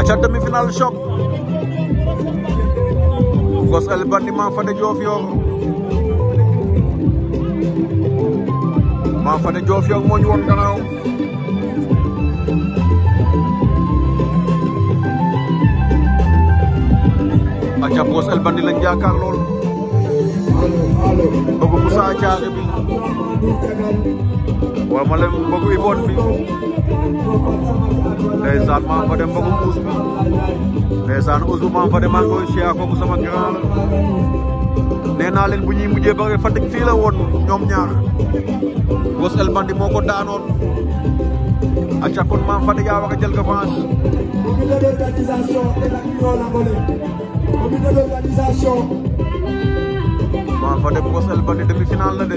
aca demi-finale choc Brosse El Bandit Mame Fadé Diofior Mame Fadé Diofior moo ñu woon gannaaw aca Brosse El Bandit lañ jàkkaar lool bëgg Moussa Thiaré bi wala ndeysaan maam fa dem ba ko muus bi ndeysaan maam fa dem maa koy siyaa kooku sama grand la nee naa leen bu ñuy mujjee ba Fatick fii la woon ñoom ñaar Weuz El moo ko daanoon acca kon maam Fatick yaa wax a jël ko France comité d'organisation et la union maam fa dem Weuz El Bandi la de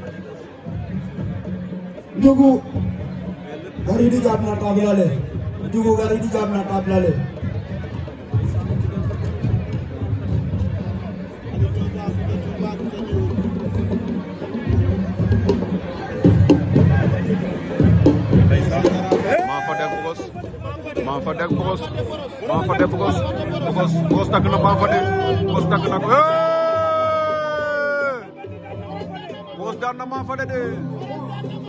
जुगू घरेडी जापना टाबलाले जुगू घरेडी जापना टाबलाले Bang Fadek bos, Bang Fadek bos, bos bos tak kena Bang Fadek, bos tak kena. Bos dan nama Fadek deh.